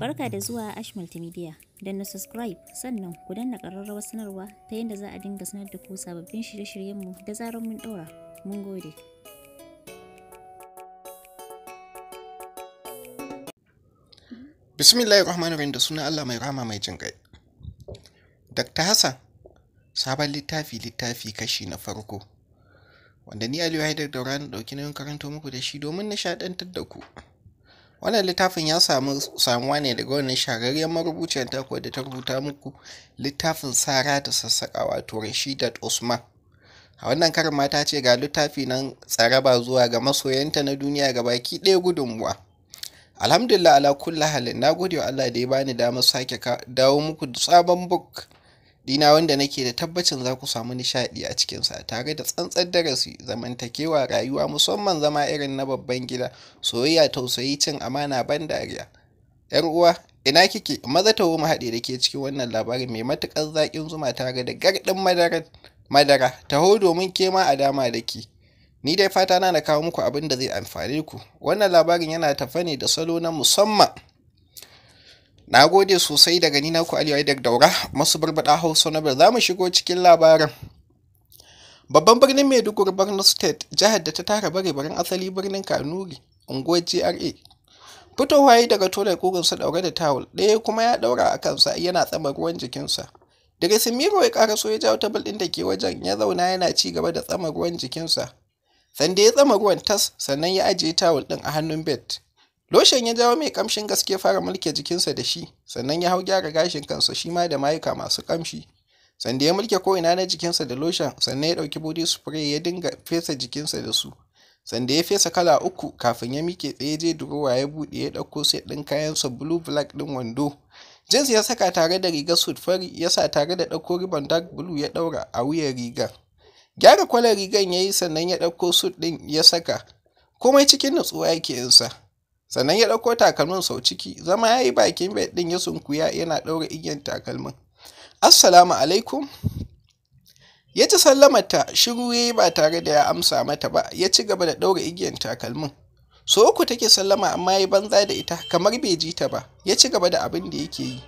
Barka da zuwa Ash Multimedia. Don na subscribe sannan ku danna ƙararrawar sanarwa ta yadda za a dinga sanar da ku sababbin shirye-shiryenmu da zarar mun ɗora. Mun gode. Bismillahir Rahmanir Rahim da suna Allah mai rama mai jin kai. Dr. Hassan, sabon littafi littafi kashi na farko. wanda ni Aliyu Haidar Daura na ɗauki na karanto muku da shi domin nishaɗantar da ku. wannan littafin ya samu samuwa ne daga wannan shahararriyar marubuciyar tako da ta rubuta muku littafin tsara da sassaka wato rashidat usman a wannan karin mata ce ga littafi nan ba zuwa ga masoyanta na duniya ga baki ɗaya gudunmuwa alhamdulillah ala kulli halin na gode wa allah da ya bani damar sake dawo muku da sabon buk. dina wanda nake da tabbacin za ku samu nishaɗi a cikinsa tare da tsantsar darasi zamantakewa rayuwa musamman zama irin na babban gida soyayya tausayi cin amana ban dariya yar uwa ina kike maza tawo mu haɗe da ke cikin wannan labarin mai matuƙar zaƙin zuma tare da garɗin madara madara taho domin ke a dama da ke ni dai fata na na kawo muku abin da zai amfane ku wannan labarin yana tafa da salo na musamman Na gode sosai daga ni naku Aliyu Aidak Daura, masu barbaɗa Hausa na za mu shigo cikin labarin. Babban birnin Maiduguri Borno State, jihar da ta tara bare barin asali birnin Kanuri, unguwar GRA. Fitowa yi daga tolar kugunsa daure da tawul, ɗaya kuma ya ɗaura a kansa yana tsama ruwan jikinsa. Daga Simiro ya ƙaraso ya jawo tabal ɗin da ke wajen ya zauna yana ci gaba da tsama ruwan jikinsa. Sanda ya tsama ruwan tas, sannan ya ajiye tawul ɗin a hannun bet. Loshen ya jawo mai kamshin gaske fara mulke jikinsa da shi, sannan ya hau gyara gashin kansa shi ma da mayuka masu kamshi. Sanda ya mulke ko'ina na jikinsa da loshin, sannan ya ɗauki body spray ya dinga fesa jikinsa da su. Sanda ya fesa kala uku kafin ya mike tsaye je durowa ya buɗe ya ɗauko set ɗin kayansa blue black ɗin wando. Jins ya saka tare da rigar suit fari ya sa tare da ɗauko ribbon dark blue ya ɗaura a wuyan riga Gyara kwalar rigar ya yi sannan ya ɗauko suit ɗin ya saka. Komai cikin nutsuwa yake yinsa. sannan ya ɗauko takalmin sau ciki zama ya yi bakin bet ɗin ya sunkuya yana ɗaura igiyar takalmin assalamu alaikum ya ci sallamata shiru ya yi ba tare da ya amsa mata ba ya ci gaba da ɗaura igiyar takalmin so uku take sallama amma ya banza da ita kamar bai ji ta ba ya ci gaba da abin da yake yi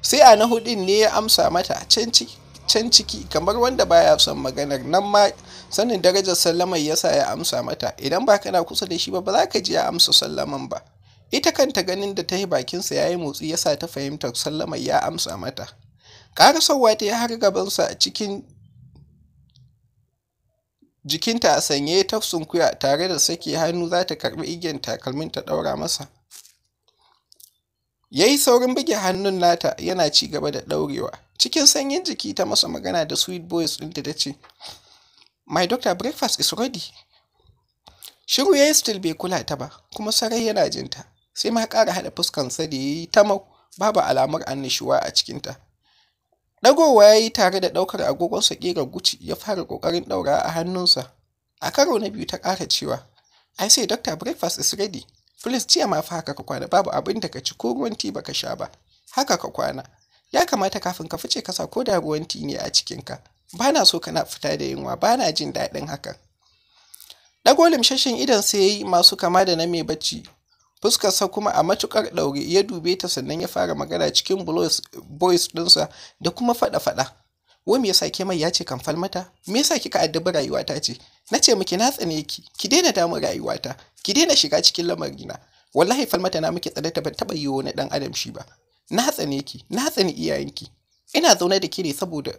sai a na hudun ne ya amsa mata can ciki can ciki kamar wanda baya son maganar nan ma sanin darajar sallamar yasa ya amsa mata idan ba kana kusa da shi ba ba za ka ji ya amsa sallaman ba ita kanta ganin da ta yi bakinsa ya yi motsi yasa ta fahimta sallamar ya amsa mata Ƙara sauwa ta yi har gabansa cikin jikinta a sanye ta sunkuya tare da sake hannu za ta karɓi igiyar takalmin ta ɗaura masa ya yi saurin buge hannun nata yana ci gaba da ɗaurewa Cikin sanyin jiki ta masa magana da sweet boys ɗinta ta ce, My doctor breakfast is ready. Shiru ya yi still bai kula ta ba, kuma sarai yana jinta, sai ma ƙara haɗa fuskansa da ya yi tamau babu alamar annishuwa a cikinta. Dagowa ya yi tare da ɗaukar agogonsa ƙera guci ya fara ƙoƙarin ɗaura a hannunsa. A karo na biyu ta ƙara cewa, I say doctor breakfast is ready. Please jiya ma fa haka ka kwana babu abin da ka ci ko ruwan ti baka sha ba. Haka ka kwana. ya kamata kafin ka fice kasa ko da ruwan tini a cikinka ba na so kana fita da yunwa ba na jin daɗin hakan ɗago limshashin idan sai ya yi masu kama da na mai bacci fuskarsa kuma a matukar ɗaure ya dube ta sannan ya fara magana cikin boys ɗinsa da kuma faɗa-faɗa wai me yasa ke mai ya ce kan mata me yasa kika addabi rayuwata ce na ce miki na tsane ki ki daina damun rayuwata ki daina shiga cikin lamarina wallahi falmata na miki tsada ta ban taɓa yiwo na ɗan adam shi ba na tsane ki na tsani iyayenki ina zaune da ki ne saboda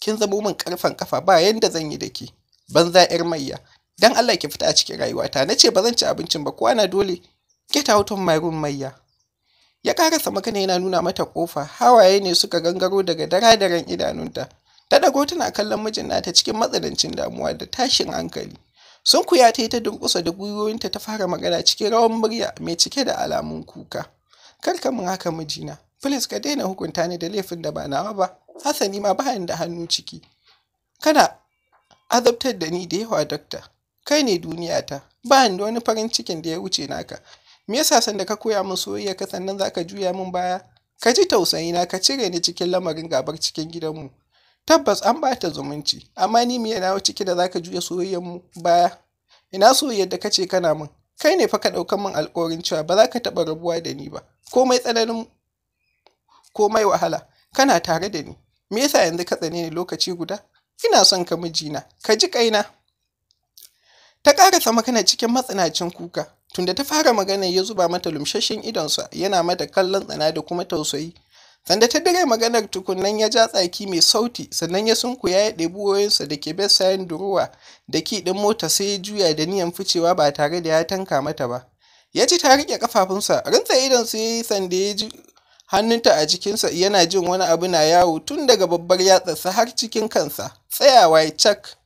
kin zamo min karfan kafa ba yanda zan yi da ki za yar mayya dan Allah ki fita a cikin rayuwata na ce ba zan ci abincin ba na dole get out of my room mayya ya karasa magana yana nuna mata kofa hawaye ne suka gangaro daga dara daren idanunta ta dago tana kallon mijin nata cikin matsanancin damuwa da tashin hankali sun kuya ta yi ta dunkusa da gwiwoyinta ta fara magana cikin rawan murya mai cike da alamun kuka kar ka mun haka mijina Filis ka daina hukunta ni da laifin da ba nawa ba, hasani ma bayan da hannu ciki. Kana azabtar da ni da yawa dokta, kai ne duniyata, bayan da wani farin cikin da ya wuce naka. Me yasa sanda ka koya min soyayya ka sannan za ka juya min baya? Ka ji tausayi na ka cire ni cikin lamarin gabar cikin gidanmu. Tabbas an ba ta zumunci, amma ni me yana ciki da za ka juya mu baya? Ina soyayyar da ka ce kana min, kai ne fa ka ɗaukan min alƙawarin cewa ba za ka taɓa rabuwa da ni ba, komai tsananin Ko mai wahala kana tare da ni me yasa yanzu ka tsane ni lokaci guda ina son ka mijina ka ji kaina ta ƙarasa magana cikin matsinacin kuka tunda ta fara magana ya zuba mata lumshashin idonsa yana mata kallon tsana da kuma tausayi sanda ta dire maganar tukunnan ya ja tsaki mai sauti sannan ya sunku ya ɗebi buwoyinsa da ke besayen durowa da ki ɗin mota sai ya juya da niyan ficewa ba tare da ya tanka mata ba ya ci ta riƙe ƙafafunsa rintsa idonsa ya yi sanda ya ji hannunta a jikinsa yana jin wani abu na yawo tun daga babbar yatsarsa har cikin kansa tsayawa ya cak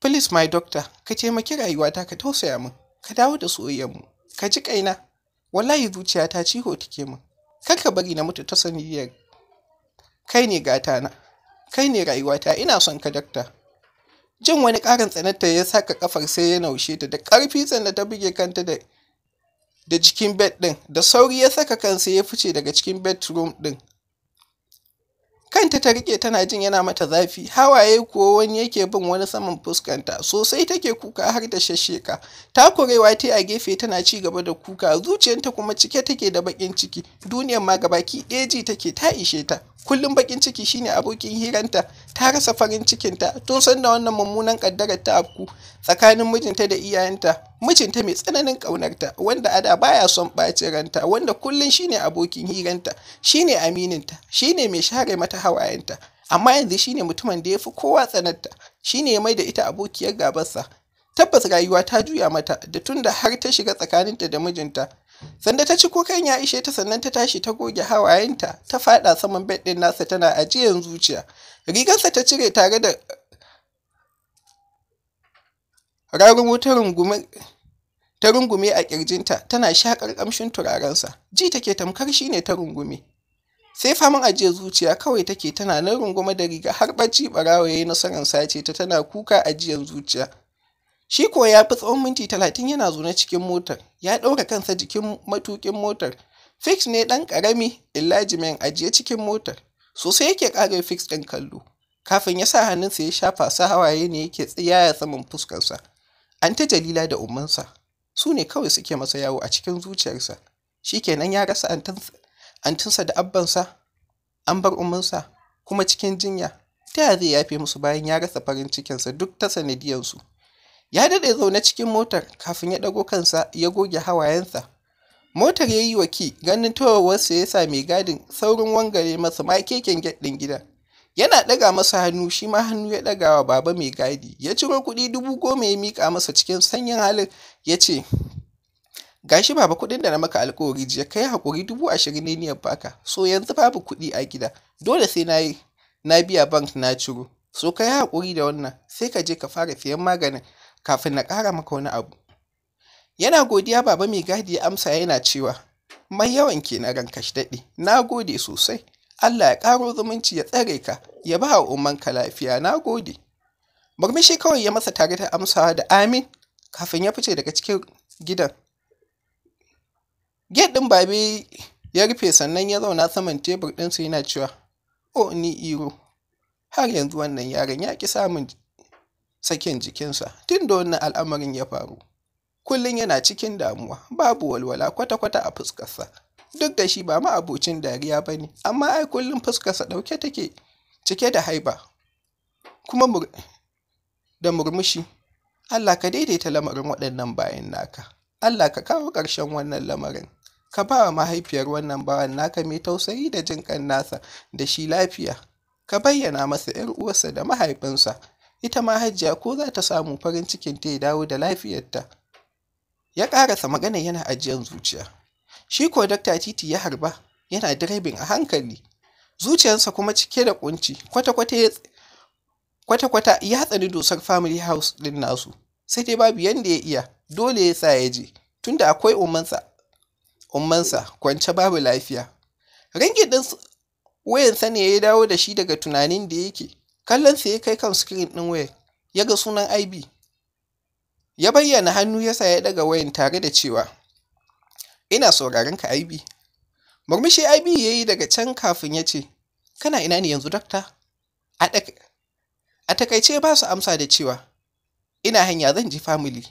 please my doctor ka taimaki rayuwata ka tausaya min ka dawo da soyayyarmu ka ji kaina wallahi zuciyata ciho take min kar ka bari na mutu ta sanadiyar kai ne gata na kai ne rayuwata ina son ka dakta jin wani karin tsananta ya saka kafar sai ya naushe ta da karfi sannan ta buge kanta da da cikin bed ɗin da sauri ya saka kansa ya fice daga cikin bedroom ɗin kanta ta rike tana jin yana mata zafi hawaye kuwa wani yake bin wani saman fuskanta sosai take kuka har da shasheka takurewa ta a gefe tana ci gaba da kuka zuciyarta kuma cike take da bakin ciki duniyar ma gabaki ɗaya ji take ta ishe ta kullum bakin ciki shine abokin hiranta ta rasa farin cikinta tun san wannan mummunan kaddarar ta afku tsakanin mijinta da iyayenta mijinta mai tsananin ƙaunarta wanda a ada baya son ɓacin ranta wanda kullum shine abokin hiranta shine amininta shine mai share mata hawayenta amma yanzu shine mutumin da ya fi kowa tsanarta shine ya mai da ita abokiyar gabarsa tabbas rayuwa ta juya mata da tunda har ta shiga tsakaninta da mijinta sanda ta ci kukan ya ishe ta sannan ta tashi ta goge hawayenta ta faɗa saman bed ɗin nasa tana ajiyan zuciya rigarsa ta cire tare da Rarun wutar rungume ta rungume a ƙirjinta tana shakar kamshin turarensa, ji take tamkar shi ne ta rungume. Sai faman ajiye zuciya kawai take tana nan rungume da riga har bacci Barawo ya yi nasarar sace ta tana kuka ajiyar zuciya. Shi ko ya fi tsawon minti talatin yana zuna cikin motar, ya ɗaura kansa jikin matuƙin motar. Fix ne ɗan ƙarami, jimin ajiye cikin motar. Sosai yake ƙare fix ɗin kallo. Kafin ya sa hannunsa ya shafa sa hawaye ne yake tsiyaya saman fuskarsa. An ta Jalila da ummansa su ne kawai suke masa yawo a cikin zuciyarsa, shi kenan ya rasa antinsa da abbansa, an bar ummansa kuma cikin jinya, ta yaya zai yafe musu bayan ya rasa farin cikinsa duk ta sanadiyarsu. Ya daɗe zaune cikin motar kafin ya ɗago kansa ya goge hawayensa. Motar ya yi wa ki ganin towarwarsa ya sa mai gadin saurin wangare masa ma keken gyaɗin gida. yana ɗaga masa hannu shi ma hannu ya ɗaga wa baba mai gadi ya ciro kuɗi dubu goma ya miƙa masa cikin sanyin halin ya ce gashi baba kuɗin da na maka alkawari jiya kai hakuri dubu ashirin ne niyan baka so yanzu babu kuɗi a gida dole sai na yi na biya bank na ciro so kai hakuri da wannan sai ka je ka fara siyan maganin kafin na ƙara maka wani abu yana godiya baba mai gadi ya amsa yana cewa mai yawan kenan ranka shi daɗe na gode sosai Allah ya ƙaro zumunci ya tsare ka ya ba ka lafiya na gode murmushi kawai ya masa tare ta amsawa da amin kafin ya fice daga cikin gidan gate ɗin babe ya rufe sannan ya zauna saman tebur su yana cewa o oh, ni iro har yanzu wannan yaron ya ƙi samun sakin jikinsa tun da wannan al'amarin ya faru kullum yana cikin damuwa babu walwala kwata-kwata a fuskarsa duk da shi ba ma abocin dariya ba ne amma ai kullum fuskarsa ɗauke take cike da haiba kuma mur da murmushi Allah ka daidaita lamarin waɗannan bayan naka Allah ka kawo ƙarshen wannan lamarin ka ba wa mahaifiyar wannan bawan naka mai tausayi da jin kan nasa da shi lafiya ka bayyana masa ‘yar uwarsa da mahaifinsa ita ma hajjiya ko za ta samu farin cikin ta ya dawo da lafiyarta ya ƙarasa magana yana ajiyar zuciya Shi ko Dakta Titi ya harba yana direbin a hankali, zuciyarsa kuma cike da kunci kwata-kwata ya tsani dusar family house ɗin nasu, sai dai babu yadda ya iya dole ya sa ya je tunda akwai umarsa kwance babu lafiya. Ringin ɗin wayansa ne ya dawo da shi daga tunanin da yake, kallon sa ya kai kan screen ɗin wayar, ya ga sunan IB. Ya bayyana hannu ya sa ya daga wayan tare da cewa Ina sauraron ka aibi Murmushi aibi ya yi daga can kafin ya ce, Kana ina ne yanzu dakta? A takaice ba su amsa da cewa, Ina hanya zan ji family.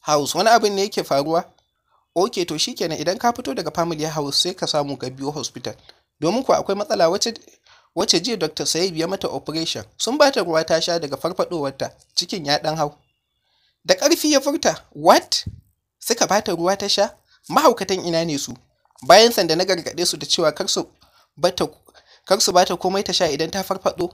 House wani abin ne yake faruwa? Ok to kenan, idan ka fito daga family house sai ka samu ka biyo hospital. Domin kuwa akwai matsala Wace wacce jiya Dr. Sayib ya mata operation sun ba ta ruwa ta sha daga farfadowarta cikin ya hau. Da ƙarfi ya furta, "What?" Suka ba ta ruwa ta sha? mahaukatan ina ne su bayan sanda na gargaɗe su da cewa kar su bata komai ta sha idan ta farfado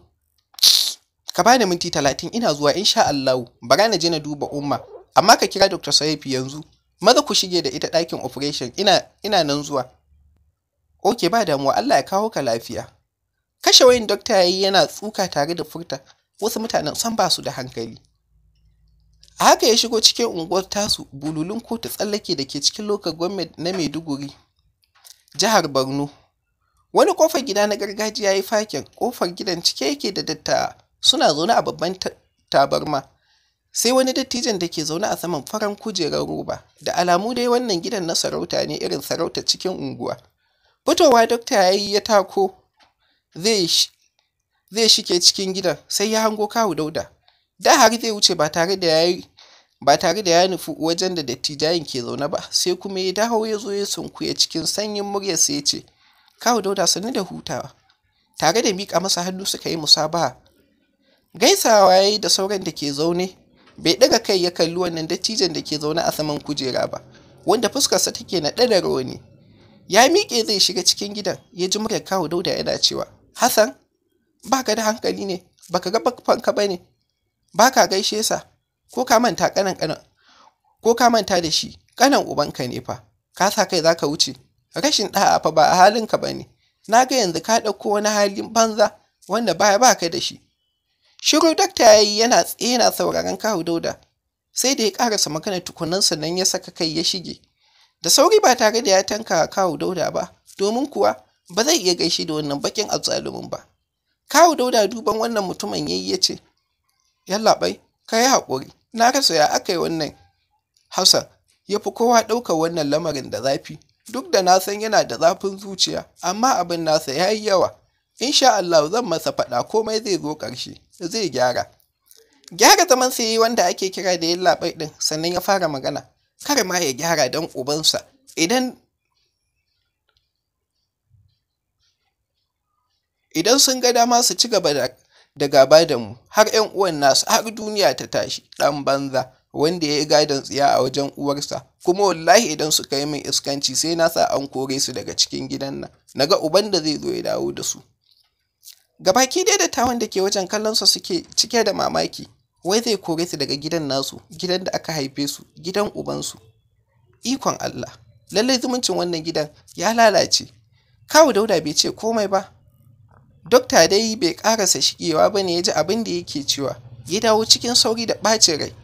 ka ba bani minti talatin ina zuwa insha Allahu bara na je na duba umma amma ka kira Dr. Saif yanzu maza ku shige da ita ɗakin operation ina nan zuwa Ok, ba damuwa Allah ya kawo ka lafiya kashe wayin dokta yayi yana tsuka tare da furta wasu mutanen san ba su da hankali a haka ya shigo cikin unguwar tasu bululun kotu tsallake da ke cikin lokal gwamnati na maiduguri jihar borno wani kofar gida na gargajiya ya yi fakin kofar gidan cike yake da dattawa suna zaune a babban tabarma sai wani dattijan da ke zaune a saman faran kujerar roba da alamu dai wannan gidan na sarauta ne irin sarauta cikin unguwa fitowa dokta ya yi ya tako zai shike cikin gidan sai ya hango kawu dauda Da, har zai wuce ba tare da ya nufi wajen da dattijayin ke zaune ba, sai kuma ya dawo ya zo ya sunkuya cikin sanyin muryarsa ya ce, Kawu Dauda sannu da hutawa. Tare da miƙa masa hannu suka yi musabaha. Gaisawa ya yi da sauran da ke zaune, bai ɗaga kai ya kalli wannan dattijan da ke zaune a saman kujera ba, wanda fuskarsa take naɗe da rawani. Ya miƙe zai shiga cikin gidan, ya ji muryar Kawu Dauda yana cewa, Hassan, ba ka da hankali ne, baka ga fanka ba ne, ba ka gaishe sa ko ka manta kanan kanan ko ka manta da shi kanan ubanka ne fa ka sa kai za ka wuce rashin ɗa'a fa ba a halinka ba ne na ga yanzu ka ɗauko wani halin banza wanda baya ba ka da shi shiru dakta ya yi yana tsena sauraron kawo dauda sai da ya ƙarasa magana tukunan nan ya saka kai ya shige da sauri ba tare da ya tanka kawo dauda ba domin kuwa ba zai iya gaishe da wannan bakin azzalumin ba kawo dauda duban wannan mutumin yayi ya ce yallaɓai ka yi haƙuri na rasa ya aka yi wannan hassan ya fi kowa ɗaukar wannan lamarin da zafi duk da na san yana da zafin zuciya amma abin nasa ya yi yawa insha Allah zan masa faɗa komai zai zo ƙarshe zai gyara gyara zaman sai yi wanda ake kira da yallabai bai ɗin sannan ya fara magana kar ma ya gyara dan ubansa idan idan sun ga dama su ci gaba da da gaba da mu har 'yan uwan nasu har duniya ta tashi ɗan banza wanda ya yi gadon tsiya a wajen uwarsa kuma wallahi idan suka yi min iskanci sai na sa an kore su daga cikin gidan nan naga uban da zai zo ya dawo da su gabaki dai da tawon da ke wajen kallon su suke cike da mamaki wai zai kore su daga gidan nasu gidan da aka haife su gidan ubansu ikon allah lallai zumuncin wannan gidan ya lalace kawu dauda bai ce komai ba Dokta dai bai ƙarasa shigewa ba ne ya ji abin da yake cewa, ya dawo cikin sauri da ɓacin rai.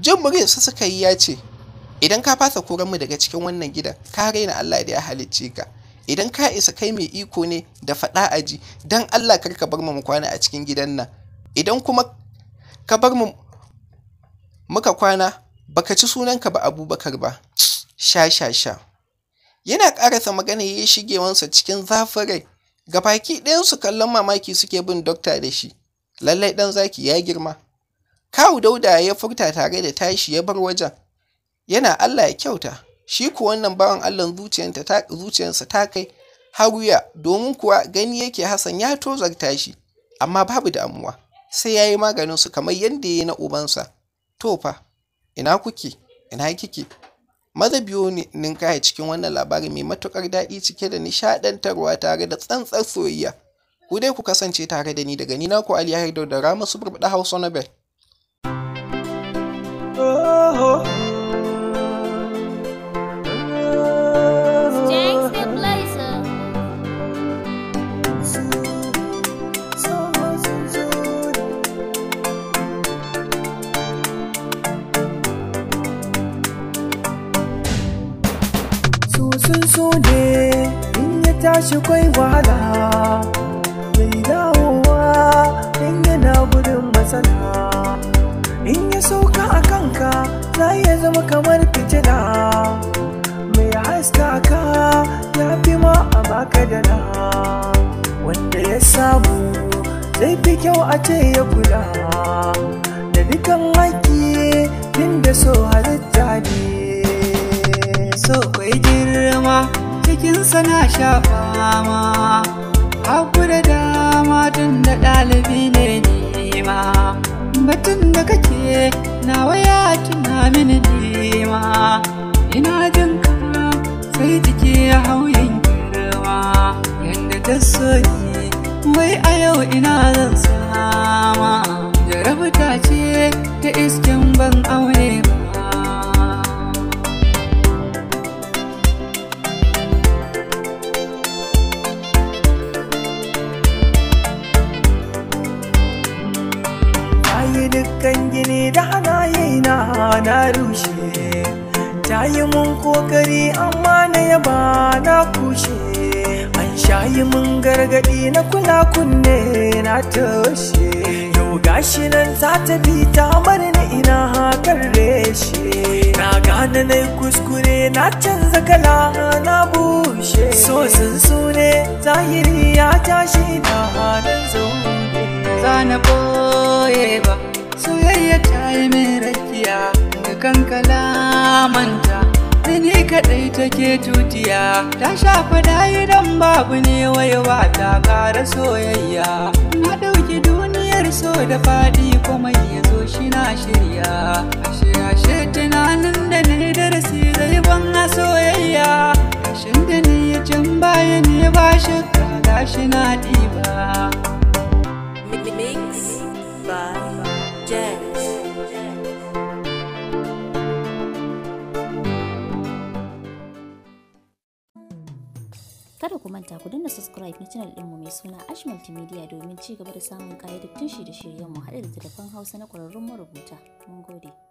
Jin muryarsa suka yi ya ce, Idan ka fasa mu daga cikin wannan gidan, ka raina Allah da ya halicce ka. Idan ka isa kai mai iko ne da faɗa aji, don Allah kar ka bar mu kwana a cikin gidan nan. Idan kuma ka bar mu muka kwana, baka ci sunanka ba abubakar ba. Sha sha sha. Yana ƙarasa magana ya yi shigewansa cikin zafin rai Ga Gabaki ɗayansu kallon mamaki suke bin dokta da shi, lallai ɗan zaki ya girma. Kawu Dauda ya furta tare da tashi ya bar wajen, yana Allah ya kyauta, shi kuwa wannan bawan Allah zuciyarsa ta kai har wuya domin kuwa gani yake Hassan ya tozarta shi, amma babu damuwa, sai ya yi su kamar yadda ya yi na ubansa. To fa, ina kuke, ina kike? Maza biyu ninkaya cikin wannan labari mai matuƙar daɗi cike da nishaɗantarwa tare da tsantsar soyayya. Ku dai ku kasance tare da ni daga ni naku Ali Haidar da Rama Suburbaɗa Hausa Nobel. Oh, shi kwai wahala bai dawowa in yana gudun matsala in ya sauka a kanka za ya zama kamar fitila mai haska ka ya fi ma a baka da na wanda ya samu zai fi kyau a ce ya kula da dukan haƙi tun da so halitta ne so girma cikinsa na sha fama haku da dama tun da ɗalibi ne nema batun da kake na waya tuna mini nema ina jin kama sai jiki ya hauyin girma yadda ta wai a yau ina zan sama Bana na kuskure na canza kala na bushe So sun sune zahiri ya tashi da hannun zaune Zana boye ba soyayya ta yi mai rakiya Dukan kalamanta ni kadai take tutiya Ta shafa dayi don babu ne waiwa ta ƙara soyayya Na ɗauki duniyar so da faɗi kuma ya zo shi na shirya Ashe ashe ba na Mix by Jazz. Kada ku manta ku danna subscribe na channel ɗinmu mai suna Ash Multimedia domin ci gaba da samun ƙayyadattun shirye-shiryenmu haɗe da telefon Hausa na ƙwararrun marubuta. Mun gode.